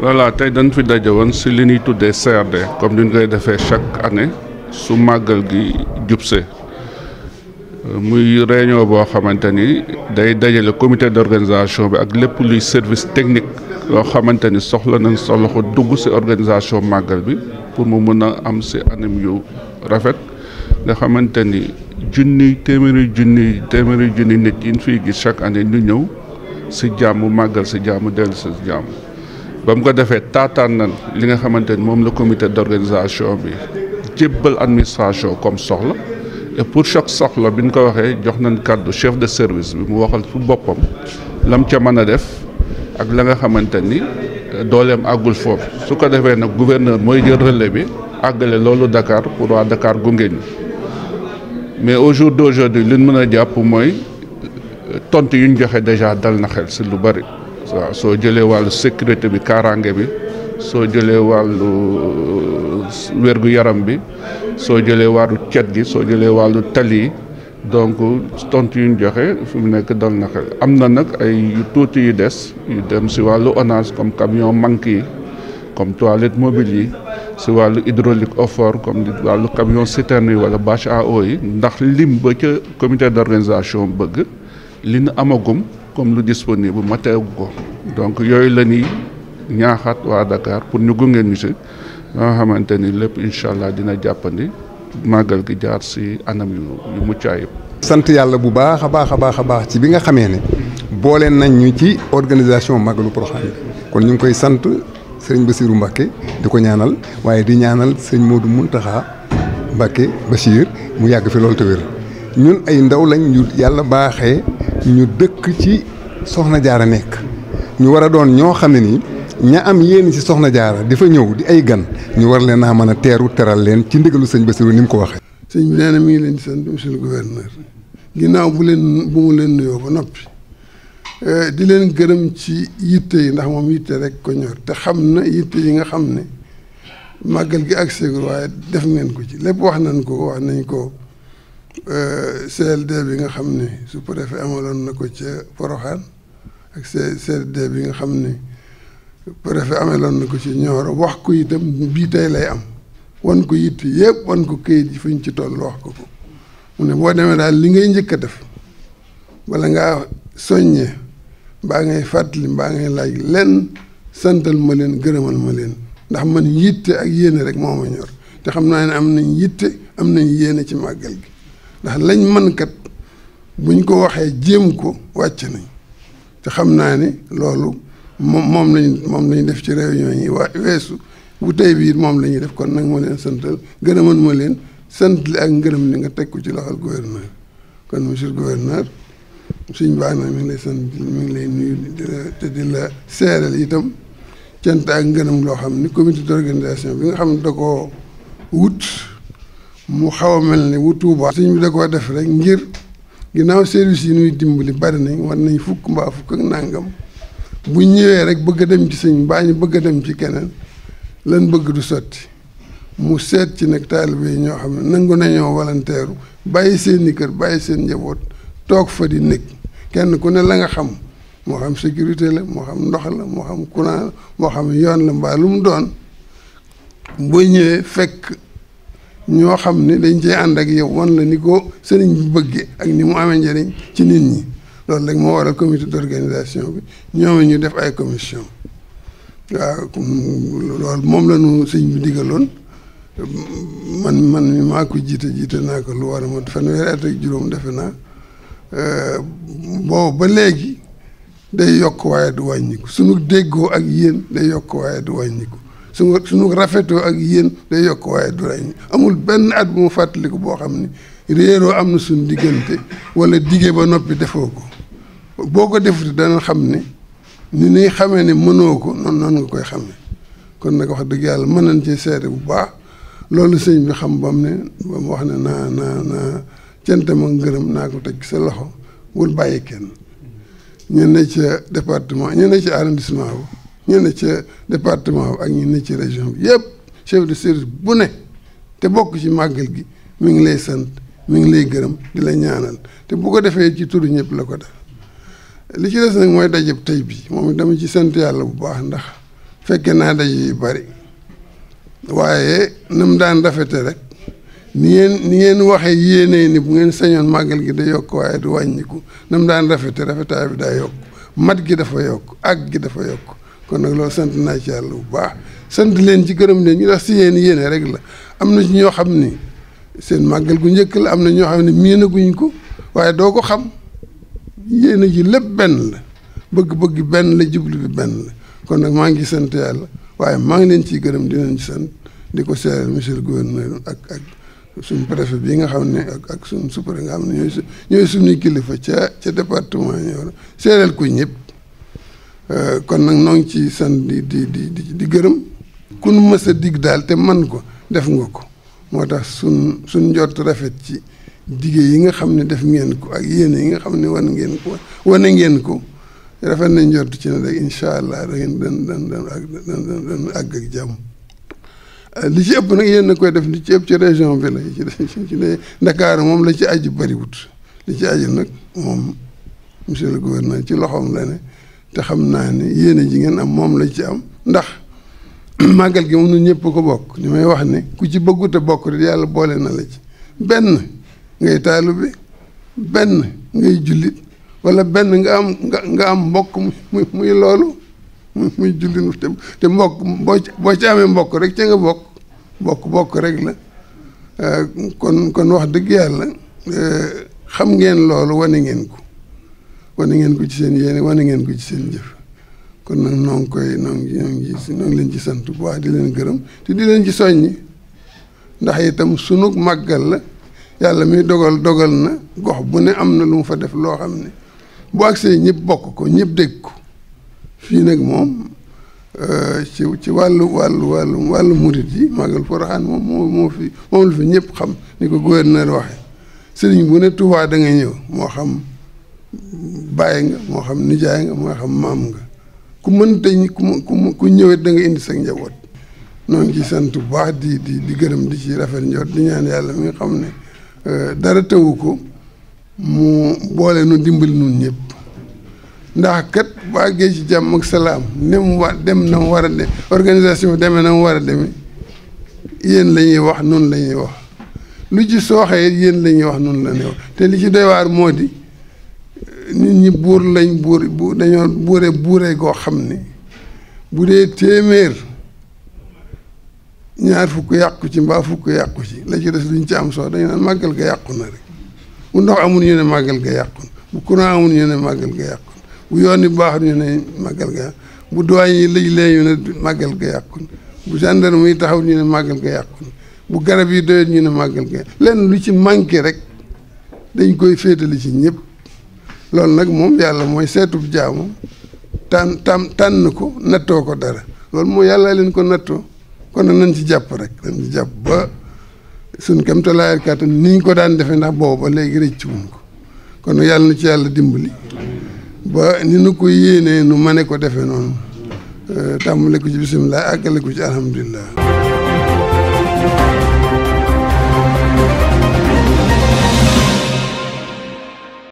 voilà tey dañ fi daje woon si li ñuy tuddee CRD comme ni ñu koy defee chaque année su màggal gi jubse euh, muy réunion boo xamante ni day dajale comité d'organisation bi ak lépp luy service technique loo xamante ni soxla nañ soxla ko dugg si organisation màggal bi pour mu mën a am si anam yu rafet nga xamante ni junni téeméeri junni téeméeri junni nit yi ñu fiy gis chaque année ñu ñëw si jàmm màggal si jàmm dellu si jàmm. ba mu ko defee taataan nan li nga xamante ni moom la comité d'organisation bi jébbal administration comme soxla et pour chaque soxla bi ñu ko waxee jox nañ kàddu chef de service bi mu waxal su boppam lam ca mën a def ak la nga xamante ni euh, dooleem àggul foofu su ko defee nag gouverneur mooy jël relais bi àggale loolu dakaar pour waa Dakar gunge ñu mais au jour d'aujourd'hui li ñu mën a jàpp mooy euh, tont yu ñu joxe déjà dal na xel si lu bari. waaw soo jëlee wàllu sécurité bi kaaraange bi soo jëlee wàllu euh, wérgu yaram bi soo jëlee wàllu cet gi soo jëlee wàllu tali yi donc tontu yu ñu joxe fi mu nekk dal na xel am na nag ay tuuti yu des yu dem si wàllu onage comme camion manque yi comme toilette mobile yi si wàllu hydraulique offort comme wàllu camion citerne yi wala bache à eau yi ndax lim ba ca comité d' organisation bëgg li nu amagum. comme lu disponible ma teew ko donc yooyu la ni ñaaxaat waa dakaar pour ñu gunge ñu si nga xamante ni lépp incha allah dina jàppandi màggal gi jaar si anam yu mu mucc ayib. sant yàlla bu baax a baax a baax a baax ci bi nga xamee ne boole nañ ñu ci organisation màggalu Porokhane bi kon ñu ngi koy sant sëriñ Bassirou Mbacké di ko ñaanal waaye di ñaanal sëriñ Modou Mountakha Mbacké Bachir mu yàgg fi loolu te la ñun ay ndaw lañ yàlla baaxee. ñu dëkk ci soxna jaara nekk ñu war a doon ñoo xam ne nii ña am yéen ci soxna jaara di fa ñëw di ay gan ñu war leen a mën a teeru teral leen ci ndigalu sëñ Basiru ni mu ko waxee. sëñ bi nee mi ngi leen di sant monsieur le gouverneur ginnaaw bu leen bu mu leen nuyoo ba noppi eh, di leen gërëm ci yitte yi ndax moom yitte rek ko ñor te xam na yitte yi nga xam ne màggal gi ak ségur waaye def ngeen ko ci lépp wax nañ ko wax nañ ko. Euh, CLD bi nga xam ni sous-préfet amaloon na ko ca Porokhane ak CLD bi nga xam ni préfet amaloon na ko ci Nioro wax ko itam bii tey lay am wan ko it yëpp wan ko këyit yi fu ñu ci toll wax ko ko mu ne boo demee daal li ngay njëkk a def wala ngaa soññee mbaa ngay fàttali mbaa ngay laaj lenn santal ma leen gërëmal ma leen ndax man yitte ak yéene rek moom ma ñor te xam naa ne am nañ yitte am nañ yéene ci màggal gi ndax lañ mën kat buñ ko waxee jéem ko wàcc nañ te xam naa ni loolu moom moom lañ moom lañ def ci réunion yi waa weesu bu tey bii moom la ñuy def kon nag ma leen santal gën a mën ma leen sant ak ngërëm li nga teg ko ci loxol gouverneur kon monsieur le gouverneur suñ baax na mi ngi lay sant mu ngi lay nuyu di la te di la itam cant ak ngërëm loo xam ni comité d'organisation bi nga xam ne da koo wut mu xaw a mel ni wu Touba. sëñ bi da koo def rek ngir ginnaaw service yi ñuy dimbali bari nañ war nañ fukk mbaa fukk ak nàngam bu ñëwee rek bëgg a dem ci sëñ mbaa ñu bëgg a dem ci keneen lan bëgg du sotti mu seet ci nag taalibe yi ñoo xam ne nangu nañoo wallanteeru bàyyi seen i kër bàyyi seen njaboot toog fa di nekk kenn ku ne la nga xam moo xam sécurité la moo xam ndox la moo xam courant la moo xam yoon la mbaa lu mu doon boo ñëwee fekk. ñoo xam ne dañ cee ànd ak yow wan la ni ko sëriñ bi bëggee ak ni mu amee njëriñ ci nit ñi loolu rek moo waral comité d'organisation bi ñoom ñu def ay commission waaw loolu moom la ñu sëñ bi man man mi maa ko jiite jiite naa ko lu war a mot fanweeri at ak juróom defe naa boobu ba léegi day yokk waaye du wàññiku suñu déggoo ak yéen day yokk waaye du wàññiku suñu suñu rafetoo ak yéen day yokk waaye du amul benn at bu mu fàttaliku boo xam ni réeroo am na suñ diggante wala diggee ba noppi defoo ko boo ko defute dana xam ne ni ñuy xamee ne mënoo ko noon noonu nga koy xamee kon nag wax dëgg yàlla mën nañ ci seete bu baax loolu sëñ bi xam bam ne ba mu wax ne naa naa naa cant ma ngërëm naa ko teg sa loxo bul bàyyi kenn ñu ne ca département ñu ne ca ñu ne ci département ak ñu ne ci région bi yëpp chef de service bu ne te bokk ci màggal gi mu ngi lay sant mi ngi lay gërëm di la ñaanal te bu ko defee ci turu ñëpp la ko def li ci des nag mooy dajeb tey bi moom dama ci sant yàlla bu baax ndax fekke naa daje yu bari waaye na mu daan rafete rek ni ngeen ni ngeen waxee yéenee ni bu ngeen señoon màggal gi da yokk waaye du wàññiku na mu daan rafete rafetaay bi daa yokk mat gi dafa yokk ak gi dafa yokk kon nag loolu sent naa ci yàlla bu baax sant leen ci gërëm leen ñu tax si yéen yéene rek la am na ci ñoo xam ni seen màggal gu njëkk la am na ñoo xam ne miinaguñ ko waaye doo ko xam yéene ji lépp benn la bëgg-bëgg benn la jublu bi benn la kon nag maa ngi sant yàlla waaye maa ngi leen ciy gërëm di leen sant di ko seeral monsieur le gouverneur ak ak suñ préfet bi nga xam ne ak ak suñ super nga xam ne ñooy suñuy kilifa ca ca département Nioro seeral ko ñëpp. Euh, kon nag noo ngi ci san di di di di gërëm kun mës digg daal te man ko def nga ko moo tax sun suñ njort rafet ci dige yi nga xam ne def ngeen ko ak yéene yi nga xam ne wan ngeen ko wane ngeen ko rafet nañ njort ci ne rek incha allah da ngeen dan dan dan dan ak jàmm euh, li ci ëpp nag yéen a koy def li ci ëpp ci région bi la ci ne Ndakaaru moom la ci aju bariwut li ci aju nag moom monsieur le gouverneur ci loxoom la ne te xam naa ne yéene ji ngeen am moom lañ ci am ndax màggal gi moom ñun ñëpp ko bokk li may wax ni ku ci bëggut a bokk rek yàlla boole na la ci benn ngay taalibe benn ngay jullit wala benn nga am nga am mbokk muy muy loolu muy jullit te mbokk boo ci boo ci amee mbokk rek ca nga bokk bokk bokk rek la euh, kon kon wax dëgg yàlla euh, xam ngeen loolu wane ngeen ko wane ngeen ko ci seen yéene wane ngeen ko ci seen jëf kon nag noo ngi koy noo ngi noo ngi leen ci sant bu baax di leen gërëm te di leen ci soññi ndax itam sunug màggal la yàlla mi dogal dogal na gox bu ne am na lu mu fa def loo xam ne bu agsee ñëpp bokk ko ñëpp dégg ko fii nag moom euh, ci ci wàllu wàllu wàllu wàllu murit yi màggal Porokhane moom moo moo fi moom la fi ñëpp xam ni ko gouverneur waxe sëriñ bu ne Tuubaa da nga ñëw moo xam bàyyi nga moo xam nijaay nga moo xam maam nga ku mën tey ku ku ñëwee da indi sa njaboot. ñoo ngi ciy sant bu baax di di di gërëm di ci rafet njoot di ñaan yàlla mi nga xam ne euh, dara tawu ko mu boole nu dimbali nun ñëpp ndax kat bu àggee ci jàmm ak salaam ne mu dem na mu war a dem organisation bi demee na mu war a demee yéen lañuy wax noonu la ñuy wax lu ci sooxee yéen la ñuy wax noonu la ñuy wax te li ci doy moo di. nit ñi buur lañ buur bu dañoo buure buuree goo xam ni bu dee téeméer ñaar fukk yàqu ci mbaa fukk yàqu ci la ci des duñ ci am soo dañu naan màggal ga yàqu na rek bu ndox amul ñu ne màggal ga yàqu na bu courant amul ñu bu yoon ñu ne màggal ga bu doyen yi lëj lee ñu ne yàqu na bu gendarme yi taxaw ñu ne màggal ga yàqu na bu garab yi doyet ñu ne màggal ga lenn lu ci manqué rek dañ koy féetali ci ñëpp loolu nag moom yàlla mooy seetub jaamu tànn tànn tànn ko nattoo ko dara loolu moo yàlla leen ko nattoo kon nañ ci jàpp rek nañ ci jàpp ba suñ kam talaayal kàttan ni ñu ko daan defee ndax booba ba léegi rëcc wuñ ko kon yàlla na ci yàlla dimbali ba ni nu ko yéenee nu mane ko defee noonu tàmbale ko ci bisimilah ak ko ci alhamdulilah.